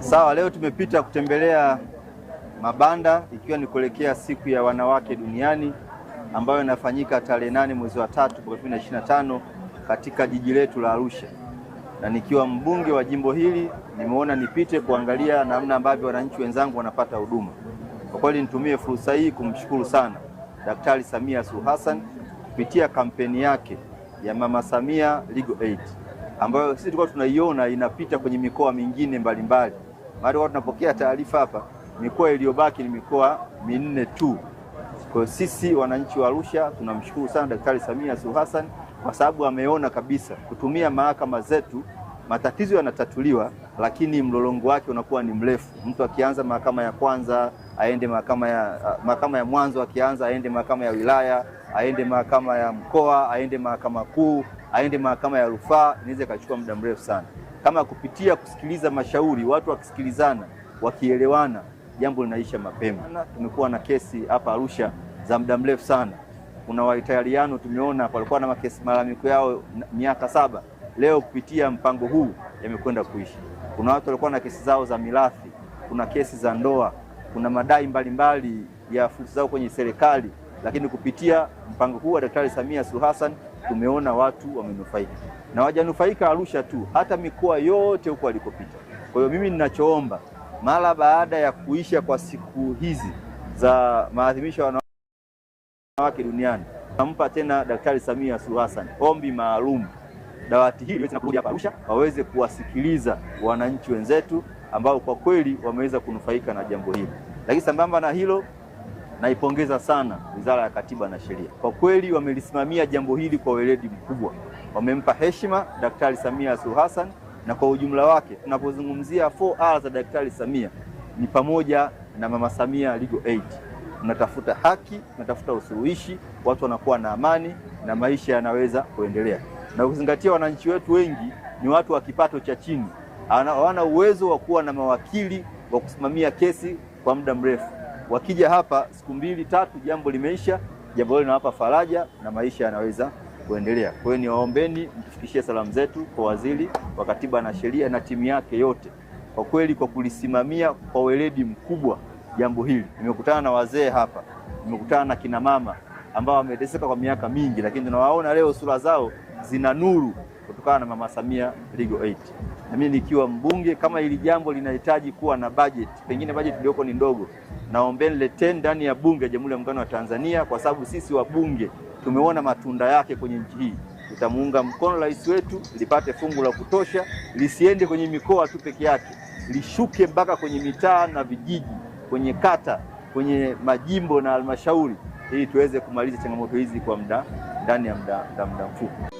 Sawa, leo tumepita kutembelea mabanda ikiwa ni kuelekea siku ya wanawake duniani ambayo inafanyika tarehe nane mwezi wa tatu mwaka elfu mbili na ishirini na tano katika jiji letu la Arusha, na nikiwa mbunge wa jimbo hili nimeona nipite kuangalia namna ambavyo wananchi wenzangu wanapata huduma. Kwa kweli nitumie fursa hii kumshukuru sana Daktari Samia Suluhu Hassan kupitia kampeni yake ya Mama Samia Legal Aid ambayo sisi tulikuwa tunaiona inapita kwenye mikoa mingine mbalimbali mbali mahali wao tunapokea taarifa hapa, mikoa iliyobaki ni mikoa minne tu. Kwa hiyo sisi wananchi wa Arusha tunamshukuru sana Daktari Samia Suluhu Hassan kwa sababu ameona kabisa kutumia mahakama zetu matatizo yanatatuliwa, lakini mlolongo wake unakuwa ni mrefu. Mtu akianza mahakama ya kwanza aende mahakama ya, mahakama ya mwanzo akianza aende mahakama ya wilaya aende mahakama ya mkoa aende mahakama kuu aende mahakama ya rufaa, inaweza ikachukua muda mrefu sana kama kupitia kusikiliza mashauri, watu wakisikilizana, wakielewana, jambo linaisha mapema. Tumekuwa na kesi hapa Arusha za muda mrefu sana. Kuna Waitaliano tumeona walikuwa na makesi malalamiko yao miaka saba, leo kupitia mpango huu yamekwenda kuisha. Kuna watu walikuwa na kesi zao za mirathi, kuna kesi za ndoa, kuna madai mbalimbali mbali ya fursa zao kwenye serikali, lakini kupitia mpango huu wa Daktari Samia Suluhu Hassan tumeona watu wamenufaika, na wajanufaika Arusha tu, hata mikoa yote huko walikopita. Kwa hiyo mimi ninachoomba mara baada ya kuisha kwa siku hizi za maadhimisho ya wanawake duniani, nampa tena Daktari Samia Suluhu Hassan ombi maalum dawati hili liweze kuja hapa Arusha waweze kuwasikiliza wananchi wenzetu ambao kwa kweli wameweza kunufaika na jambo hili. Lakini sambamba na hilo Naipongeza sana Wizara ya Katiba na Sheria, kwa kweli wamelisimamia jambo hili kwa weledi mkubwa, wamempa heshima Daktari Samia Suluhu Hassan na kwa ujumla wake. Tunapozungumzia 4R za Daktari Samia ni pamoja na Mama Samia Legal Aid, unatafuta haki, unatafuta usuluhishi, watu wanakuwa na amani na maisha yanaweza kuendelea, na kuzingatia wananchi wetu wengi ni watu wa kipato cha chini, hawana uwezo wa kuwa na mawakili wa kusimamia kesi kwa muda mrefu wakija hapa siku mbili tatu, jambo limeisha, jambo hilo linawapa faraja na maisha yanaweza kuendelea. Kwa hiyo niwaombeni mtufikishie salamu zetu kwa Waziri wa Katiba na Sheria na timu yake yote, kwa kweli kwa kulisimamia kwa weledi mkubwa jambo hili. Nimekutana na wazee hapa, nimekutana na kina mama ambao wameteseka kwa miaka mingi, lakini tunawaona leo sura zao zina nuru kutokana na Mama Samia Legal Aid na mimi nikiwa mbunge, kama hili jambo linahitaji kuwa na budget, pengine budget iliyoko ni ndogo, naombe nilete ndani ya Bunge ya Jamhuri ya Muungano wa Tanzania, kwa sababu sisi wabunge tumeona matunda yake kwenye nchi hii. Tutamuunga mkono rais wetu lipate fungu la kutosha, lisiende kwenye mikoa tu peke yake, lishuke mpaka kwenye mitaa na vijiji, kwenye kata, kwenye majimbo na halmashauri, ili tuweze kumaliza changamoto hizi kwa muda ndani ya muda mfupi.